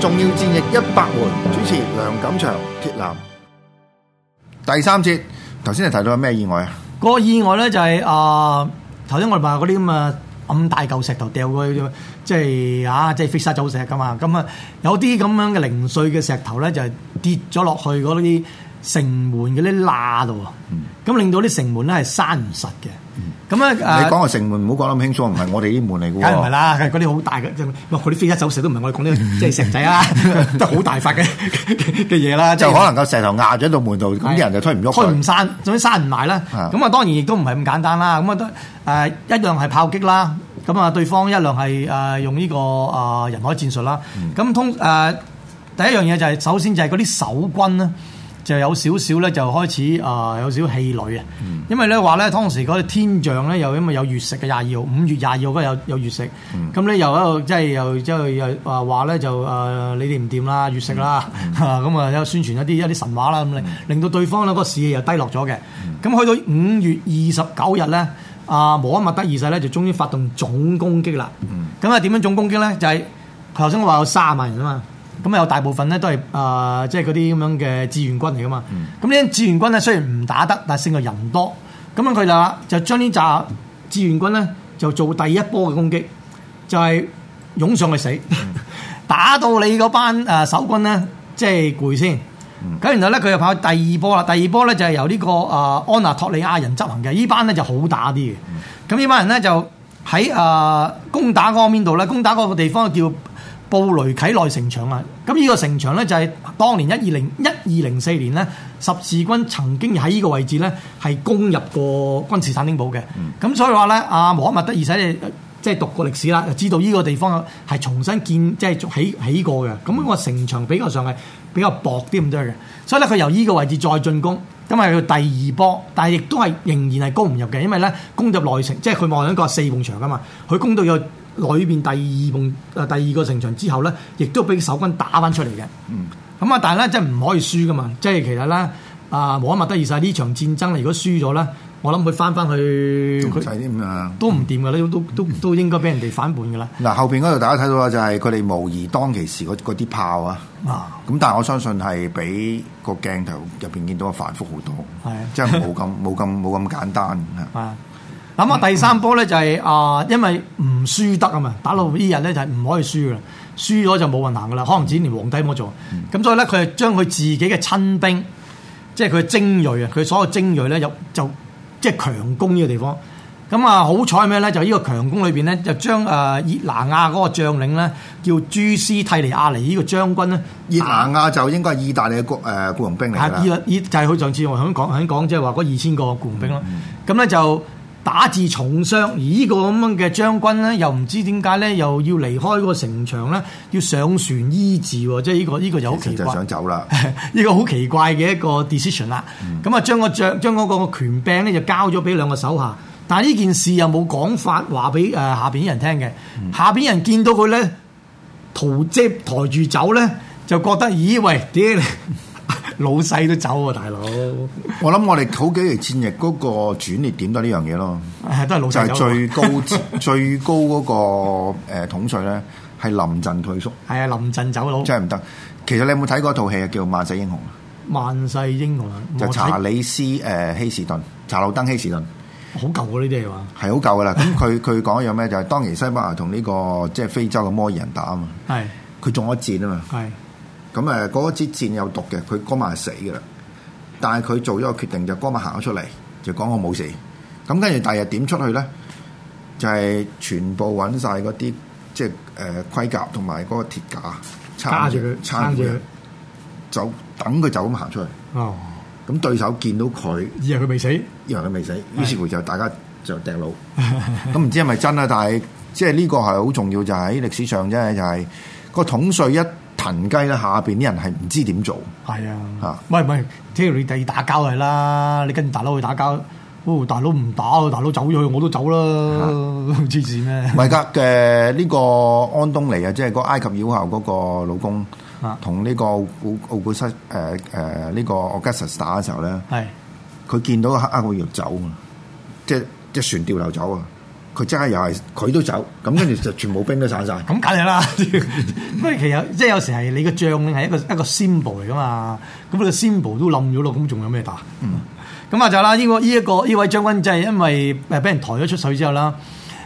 重要戰役一百回，主持梁錦祥、鐵男。第三節，頭先你提到有咩意外啊？個意外咧就係啊，頭先我哋話嗰啲咁啊，咁大嚿石頭掉過去，即係啊，即係飛沙走石噶嘛。咁啊，有啲咁樣嘅零碎嘅石頭咧，就跌咗落去嗰啲。城門嘅啲罅度，咁令到啲城門咧係閂唔實嘅。咁你講個城門唔好講咁輕鬆，唔係我哋啲門嚟嘅。梗唔係啦，嗰啲好大嘅，哇！啲飛沙走石都唔係我哋講啲即係石仔啦，都好大塊嘅嘅嘢啦。就可能夠石頭壓咗到門度，咁啲人就推唔喐。推唔閂，總之閂唔埋啦。咁啊，當然亦都唔係咁簡單啦。咁啊，誒，一樣係炮擊啦。咁啊，對方一樣係誒用呢個誒人海戰術啦。咁通誒，第一樣嘢就係首先就係嗰啲守軍啦。就有少少咧，就開始啊、呃，有少少氣餒啊，嗯、因為咧話咧，當時嗰啲天象咧，又因為有月食嘅廿二號，五月廿二號嗰日有有月食，咁咧、嗯、又喺度，即係又即係又話話咧就啊、呃，你哋唔掂啦？月食啦，咁啊有宣傳一啲一啲神話啦，咁、嗯、令到對方咧、個士氣又低落咗嘅。咁去、嗯、到五月二十九日咧，啊摩阿默德二世咧就終於發動總攻擊啦。咁啊點樣總攻擊咧？就係頭先我話有卅萬人啊嘛。咁有大部分咧都係啊、呃，即係嗰啲咁樣嘅志願軍嚟噶嘛。咁呢啲志願軍咧雖然唔打得，但係勝在人多。咁樣佢就就將呢紮志願軍咧就做第一波嘅攻擊，就係、是、湧上去死，嗯、打到你嗰班誒、呃、守軍咧即係攰先。咁、嗯、然後咧佢又跑去第二波啦，第二波咧就係由呢、這個啊、呃、安納托利亞人執行嘅。呢班咧就好打啲嘅。咁呢、嗯、班人咧就喺啊攻打嗰邊度啦，攻打嗰個地方叫布雷啟內城牆啊！咁呢個城牆咧就係當年一二零一二零四年咧，十字軍曾經喺呢個位置咧係攻入過君士坦丁堡嘅。咁、嗯、所以話咧，阿摩哈麥德爾，而使你即係讀過歷史啦，就知道呢個地方係重新建，即係起起過嘅。咁個城牆比較上係比較薄啲咁多嘅，所以咧佢由呢個位置再進攻，咁係去第二波，但係亦都係仍然係攻唔入嘅，因為咧攻入內城，即係佢望緊一個四重牆噶嘛，佢攻到有。裏邊第二、啊、第二個城牆之後咧，亦都俾守軍打翻出嚟嘅。嗯。咁啊，但係咧，即係唔可以輸噶嘛。即係其實咧，啊，無可得意哂呢場戰爭，如果輸咗咧，我諗佢翻翻去都唔掂㗎啦，都都都應該俾人哋反叛㗎啦。嗱，後邊嗰度大家睇到啊，就係佢哋模擬當其時嗰啲炮啊。啊。咁但係我相信係比個鏡頭入邊見到啊繁複好多。係啊即。即係冇咁冇咁冇咁簡單啊。咁啊，第三波咧就係、是、啊，因為唔輸得啊嘛，打到呢日咧就係唔可以輸噶啦，輸咗就冇運行噶啦，可能只能連皇帝冇做。咁、嗯、所以咧，佢就將佢自己嘅親兵，即係佢嘅精鋭啊，佢所有精鋭咧入就即係強攻呢個地方。咁啊，好彩咩咧？就呢個強攻裏邊咧，就將啊熱那亞嗰個將領咧，叫朱斯替尼亞尼呢個將軍咧，熱那亞就應該係意大利嘅國誒僱傭兵嚟啦。啊，就係、是、佢上次我響講響講，即係話嗰二千個僱傭兵啦。咁咧、嗯嗯、就。打至重傷，而呢個咁樣嘅將軍咧，又唔知點解咧，又要離開個城牆咧，要上船醫治喎，即係、呢個、呢個就好奇怪，就想走啦， 呢個好奇怪嘅一個 decision 啦。咁啊、嗯，將個將將嗰個權柄咧，就交咗俾兩個手下，但呢件事又冇講法話俾下邊啲人聽嘅，嗯、下邊人見到佢咧，逃職抬住走咧，就覺得咦喂，點老細都走喎，大佬。我諗我哋好幾條戰役嗰個轉捩點都係呢樣嘢咯，係都係老。就係最高 最高嗰個誒統帥咧，係臨陣退縮。係啊，臨陣走佬。真係唔得。其實你有冇睇過套戲啊？叫《萬世英雄》。萬世英雄、啊、就查理斯誒希士頓，查露登希士頓。好舊呢啲係嘛？係好舊噶啦。咁佢佢講一樣咩？就係、是、當年西班牙同呢、這個即係非洲嘅摩爾人打啊嘛。係是。佢中咗箭啊嘛。係。咁誒，嗰支箭有毒嘅，佢嗰晚係死嘅啦。但係佢做咗個決定，就嗰晚行咗出嚟，就講我冇事。咁跟住第日點出去咧，就係、是、全部揾晒嗰啲即係誒盔甲同埋嗰個鐵架，撐住佢，撐住佢，就等佢就咁行出嚟。哦，咁對手見到佢，以為佢未死，以為佢未死，是於是乎就大家就掟佬。咁唔 知係咪真啊？但係即係呢個係好重要，就喺、是、歷史上啫、就是，就、那、係個統帥一。人雞啦，下邊啲人係唔知點做，係啊，吓、啊、喂，喂即係你第二打交係啦，你跟大佬去打交，哦大佬唔打，大佬走咗去，我都走啦，黐線咩？唔係噶，呢、啊這個安東尼啊，即係個埃及妖后嗰個老公，同呢、啊、個奧奧古斯誒誒呢個 augustus 打嘅時候咧，係是，佢見到黑黑鬼要走啊，即即船掉流走啊。佢真係又係佢都走，咁跟住就全部兵都散晒。咁梗係啦，因為其實即係有時係你個將領係一個 一個 symbol 嚟噶嘛。咁個 symbol 都冧咗咯，咁仲有咩打？嗯，咁啊就啦，呢個呢一個呢位將軍就係因為誒俾人抬咗出水之後啦，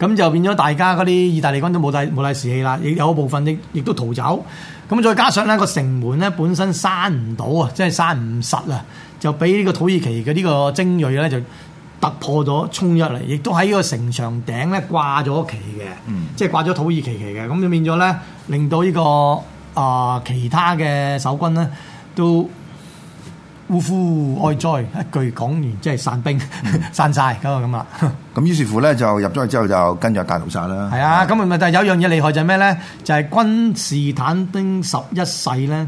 咁就變咗大家嗰啲意大利軍都冇大冇大士氣啦。亦有一部分亦亦都逃走。咁再加上咧個城門咧本身閂唔到啊，即係閂唔實啊，就俾呢個土耳其嘅呢個精鋭咧就。突破咗衝入嚟，亦都喺呢個城牆頂咧掛咗旗嘅，嗯、即係掛咗土耳其旗嘅，咁就變咗咧，令到呢、呢個啊、呃、其他嘅守軍咧都嗚呼哀哉，嗯、一句講完即係散兵、嗯、散晒，咁就咁啦。咁於是乎咧就入咗去之後就跟住大屠殺啦。係啊，咁啊咪但係有一樣嘢厲害就係咩咧？就係、是、君士坦丁十一世咧，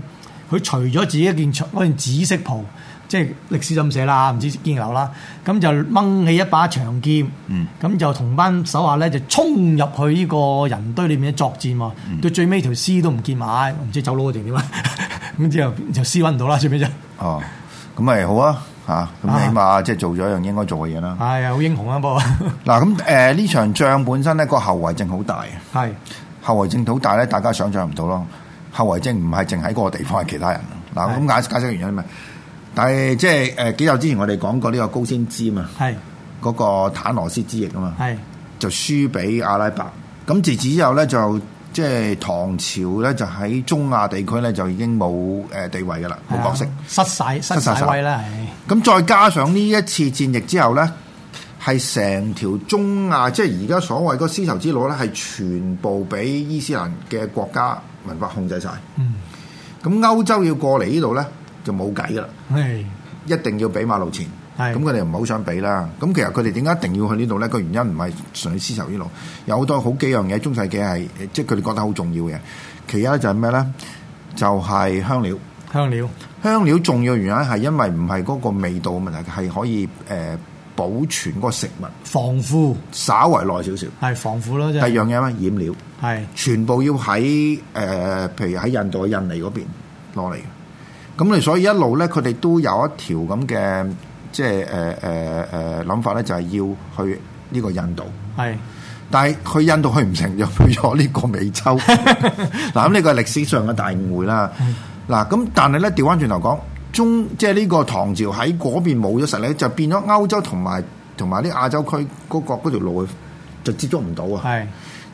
佢除咗自己一件件紫色袍。即係歷史就咁寫啦，唔知堅流啦，咁就掹起一把長劍，咁、嗯、就同班手下咧就衝入去呢個人堆裏面作戰喎。嗯、到最尾條屍都唔見埋，唔知走佬定點啊？咁之後就屍揾唔到啦，最尾啫？哦，咁咪好啊嚇，咁起碼即係做咗一樣應該做嘅嘢啦。係啊，好英雄啊噃。嗱咁，誒呢場仗本身咧個後遺症好大啊，係是後遺症好大咧，大家想象唔到咯。後遺症唔係淨喺嗰個地方係其他人。嗱、啊、咁解解釋原因係咩？但係即係誒幾日之前我哋講過呢個高仙芝嘛，嗰是個坦羅斯之役啊嘛，是就輸俾阿拉伯。咁自此是之後咧就即係、就是、唐朝咧就喺中亞地區咧就已經冇地位噶啦，冇的角色，失晒。失晒，威啦。咁再加上呢一次戰役之後咧，係成條中亞即係而家所謂嗰絲綢之路咧，係全部俾伊斯蘭嘅國家文化控制晒。嗯，咁歐洲要過嚟呢度咧。就冇計噶啦，是一定要俾買路錢。咁佢哋唔好想俾啦。咁其實佢哋點解一定要去呢度咧？個原因唔係純粹絲綢呢度，有好多好幾樣嘢中世紀係，即係佢哋覺得好重要嘅。其一就係咩咧？就係、是、香料。香料。香料重要原因係因為唔係嗰個味道問題，係可以、呃、保存個食物，防腐，稍為耐少少。係防腐咯。係。第二樣嘢咩？染料。係是。全部要喺、呃、譬如喺印度、印尼嗰邊攞嚟。咁你所以一路咧，佢哋都有一條咁嘅，即係誒誒誒諗法咧，就係要去呢個印度。係，但係去印度去唔成，又去咗呢個美洲。嗱，咁呢個係歷史上嘅大誤會啦。嗱，係，咁但係咧，調翻轉頭講，中即係呢個唐朝喺嗰邊冇咗實力，就變咗歐洲同埋同埋啲亞洲區嗰個嗰條路，就接觸唔到啊。係，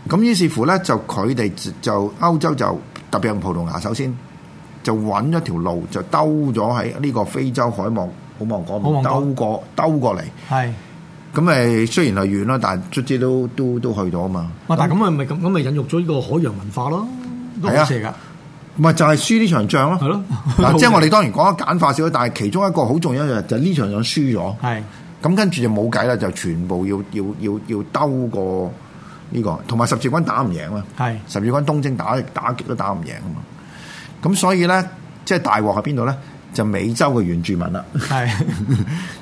咁於是乎咧，就佢哋就，就歐洲就特別用葡萄牙首先。就揾一條路就兜咗喺呢個非洲海望好望嗰邊兜過，兜過嚟，咁誒的雖然係遠啦，但係卒之都都都去咗啊嘛。但係咁咪咪咁，咪引入咗呢個海洋文化咯，都啊，正噶。唔係就係輸呢場仗咯。係咯，即係我哋當然講得簡化少啲，但係其中一個好重要一樣就係呢場仗輸咗。係咁的跟住就冇計啦，就全部要要要要兜過呢個，同埋十字軍打唔贏啊！係的十字軍東征打打極都打唔贏啊嘛！咁所以咧，即係大鑊喺邊度咧？就美洲嘅原住民啦。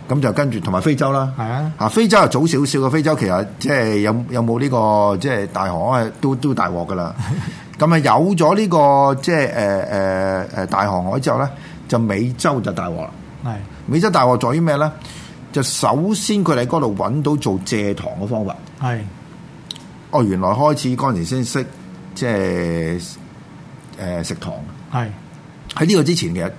咁就跟住同埋非洲啦。係啊是的。非洲啊早少少嘅非洲，其實有有、這個、即係有有冇呢個即係大航海都都大鑊噶啦。咁啊是的 有咗呢、這個即係、呃呃、大航海之後咧，就美洲就大鑊啦。係。是的 美洲大鑊在於咩咧？就首先佢哋嗰度揾到做蔗糖嘅方法。係。是的 哦，原來開始嗰陣時先識即係、呃、食糖。係喺呢個之前嘅，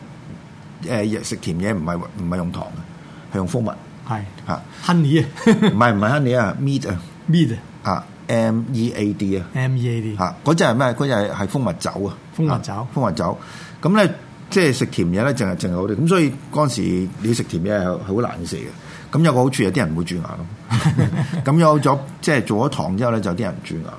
其實，食甜嘢唔係唔係用糖嘅，係用蜂蜜。係吓 honey 啊，唔係唔係 honey 啊 ，meat 啊，meat 啊、uh，m e a d 啊，m e a d 啊，嗰隻係咩？嗰隻係蜂蜜酒，蜂蜜酒啊，蜂蜜酒，蜂蜜酒。咁咧，即係食甜嘢咧，淨係淨係嗰啲。咁所以嗰陣時你要食甜嘢係好難食嘅。咁有個好處係、 嗯、有啲人唔會蛀牙咯。咁有咗即係做咗糖之後咧，就有啲人蛀牙。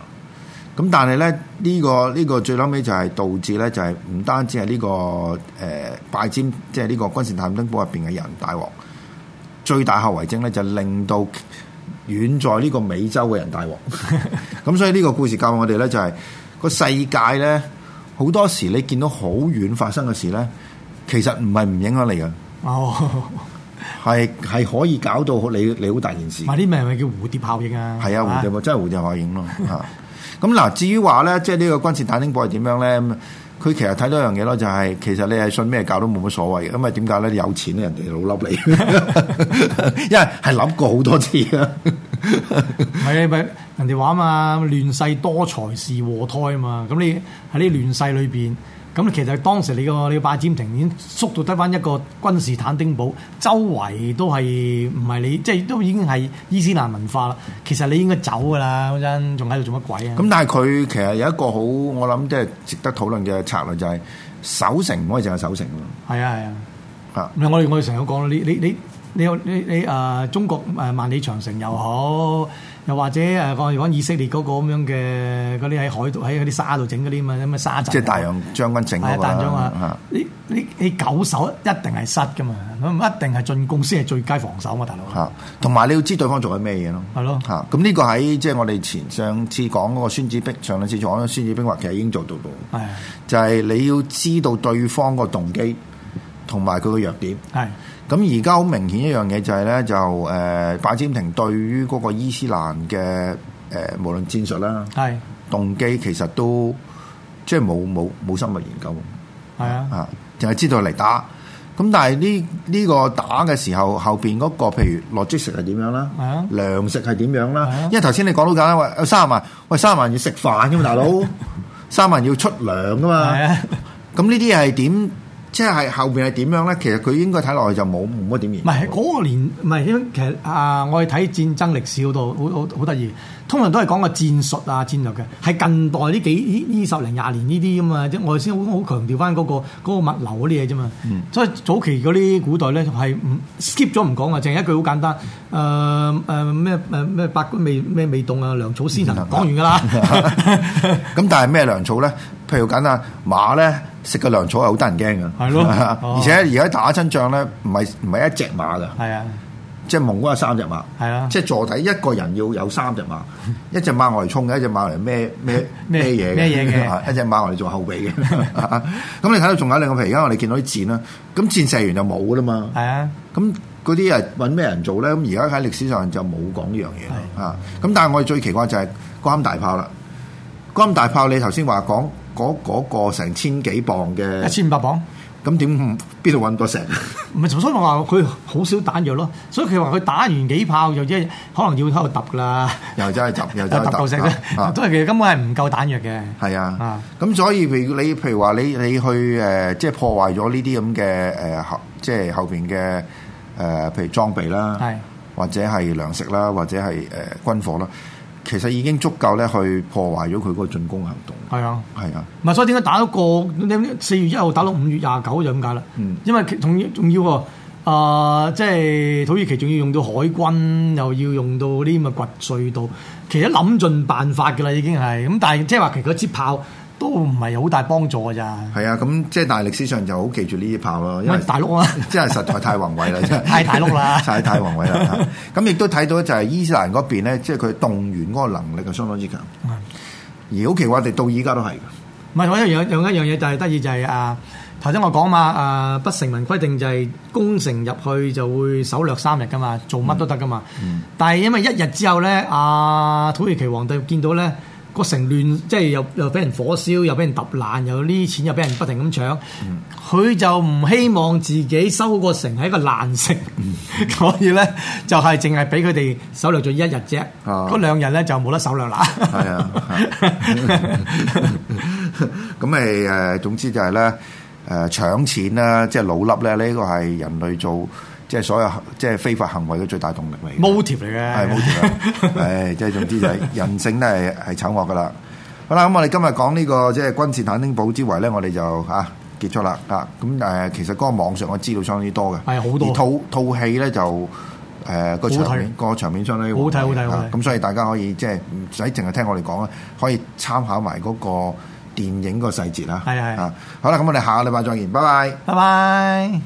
咁但係咧呢、這個呢、這個最撚尾就係導致咧就係唔單止係、這、呢個誒、呃、拜占即係呢個君士坦丁堡入面嘅人大鑊。最大後遺症咧就係、令到遠在呢個美洲嘅人大鑊。咁 所以呢個故事教我哋咧就係、係、個世界咧好多時你見到好遠發生嘅事咧，其實唔係唔影響你嘅，係係、哦、可以搞到好你你好大件事。啲名咪係叫蝴蝶效應啊？係啊，蝴蝶、啊、真係蝴蝶效應咯。咁嗱，至於話咧，即係呢個軍事大聽部係點樣咧？佢其實睇到一樣嘢咯、就是，就係其實你係信咩教都冇乜所謂嘅。咁啊點解咧？有錢咧， 人哋老笠你，因為係諗過好多次。係咪人哋話啊嘛？亂世多才是禍胎啊嘛！咁你喺呢亂世裏邊。咁其實當時你個你個拜占庭已經縮到得翻一個君士坦丁堡，周圍都係唔係你即係都已經係伊斯蘭文化啦。其實你應該走噶啦，嗰陣仲喺度做乜鬼啊？咁但係佢其實有一個好我諗即係值得討論嘅策略就係守城唔可以淨係守城㗎，係啊，係啊啊！啊啊我哋我哋成日講你你你你你你，呃、中國誒，呃、萬里長城又好。又或者誒，我哋講以色列嗰個咁樣嘅嗰啲喺海度、喺啲沙度整嗰啲嘛，啲咩沙陣？即係大洋將軍整嘅嘛。大將軍你你你久守一定係失嘅嘛，咁一定係進攻先係最佳防守嘛，大佬。嚇！同埋你要知對方做緊咩嘢咯？係咯的。嚇的！咁呢個喺即係我哋前上次講嗰個孫子兵，上兩次講孫子兵話其實已經做到到。係的。就係你要知道對方個動機同埋佢個弱點。係。咁而家好明顯一樣嘢就係咧，就誒拜占庭對於嗰個伊斯蘭嘅誒，無論戰術啦，係動機其實都即係冇冇冇深入研究，係啊，啊，淨係知道嚟打。咁但係呢呢個打嘅時候後邊嗰個，譬如 logistics 係點樣啦，糧食係點樣啦？因為頭先你講到簡單話，三十萬，喂，三十萬要食飯噶嘛，大佬，三十萬要出糧噶嘛，咁呢啲係點？即係後邊係點樣咧？其實佢應該睇落去就冇乜點唔係嗰個年，唔係其實啊，我哋睇戰爭歷史嗰度好好好得意。通常都係講個戰術啊、戰略嘅。喺近代呢幾呢十零廿年呢啲咁嘛。即係我哋先好好強調翻嗰個嗰個物流嗰啲嘢啫嘛。嗯、所以早期嗰啲古代咧係唔 skip 咗唔講啊，淨係一句好簡單。誒誒咩誒咩八軍未咩未動啊，糧草先行、嗯、講完㗎啦。咁但係咩糧草咧？譬如簡單馬咧。食個糧草係好得人驚嘅。係咯，哦、而且而家打親仗咧，唔係唔係一隻馬嘅，係啊的，即係蒙古係三隻馬，係啊的，即係坐底一個人要有三隻馬，的一隻馬我嚟衝嘅，一隻馬嚟咩咩咩嘢嘅，一隻馬嚟做後備嘅，咁 你睇到仲有兩個。譬如而家我哋見到啲箭啦，咁箭射完就冇噶啦嘛，係啊的，咁嗰啲人搵咩人做咧？咁而家喺歷史上就冇講呢樣嘢啊，咁的但係我哋最奇怪就係關大炮啦，關、那個、大炮你頭先話講。嗰、那個那個成千幾磅嘅一千五百磅，咁點邊度揾到石？唔係，所以我話佢好少彈藥咯，所以佢話佢打完幾炮就即係可能要喺度揼噶啦，又走去揼，又走去揼，都係其實根本係唔夠彈藥嘅。係啊，咁、啊、所以譬如你譬如話你你去誒、呃，即係破壞咗呢啲咁嘅誒後，即係後邊嘅誒，譬如裝備啦是，或者係糧食啦，或者係誒軍火啦。其實已經足夠咧，去破壞咗佢嗰個進攻行動。係啊，係啊。唔係，所以點解打到個？你四月一號打到五月廿九就咁解啦。嗯，因為仲要啊，即、呃、係、即係、土耳其仲要用到海軍，又要用到啲咁嘅掘隧道，其實諗盡辦法嘅啦，已經係。咁但係即係話，其實嗰支炮。都唔係好大幫助㗎咋。係啊，咁即係大歷史上就好記住呢啲炮咯，因為大陸啊，即係實在太宏偉啦， 太大陸啦，太 太宏偉啦。咁亦都睇到就係伊斯蘭嗰邊咧，即係佢動員嗰個能力係相當之強。而好奇話，我哋到依家都係。唔係，我有，有一樣嘢就係得意，就係啊頭先我講嘛，啊，啊不成文規定就係攻城入去就會搜掠三日㗎嘛，做乜都得㗎嘛。嗯嗯、但係因為一日之後咧，啊土耳其皇帝見到咧。個城亂，即係又又俾人火燒，又俾人揼爛，又呢啲錢又俾人不停咁搶，佢就唔希望自己收嗰個城係一個爛城，所以咧就係淨係俾佢哋手掠咗一日啫，嗰兩日咧就冇得手掠啦。係啊，咁咪誒總之就係咧誒搶錢啦，即係老笠咧呢個係人類做。即係所有即係非法行為嘅最大動力嚟，motive 嚟嘅，係 motive。唉，即係總之就人性咧係係醜惡噶啦。好啦，咁我哋今日講呢個即係君士坦丁堡之圍咧，我哋就嚇結束啦。嚇咁誒，其實嗰個網上我知道相當之多嘅，係好多。而套套戲咧就誒個場面個場面相當好睇好睇好睇。咁所以大家可以即係唔使淨係聽我哋講啦，可以參考埋嗰個電影個細節啦。係係。好啦，咁我哋下個禮拜再見，拜拜，拜拜。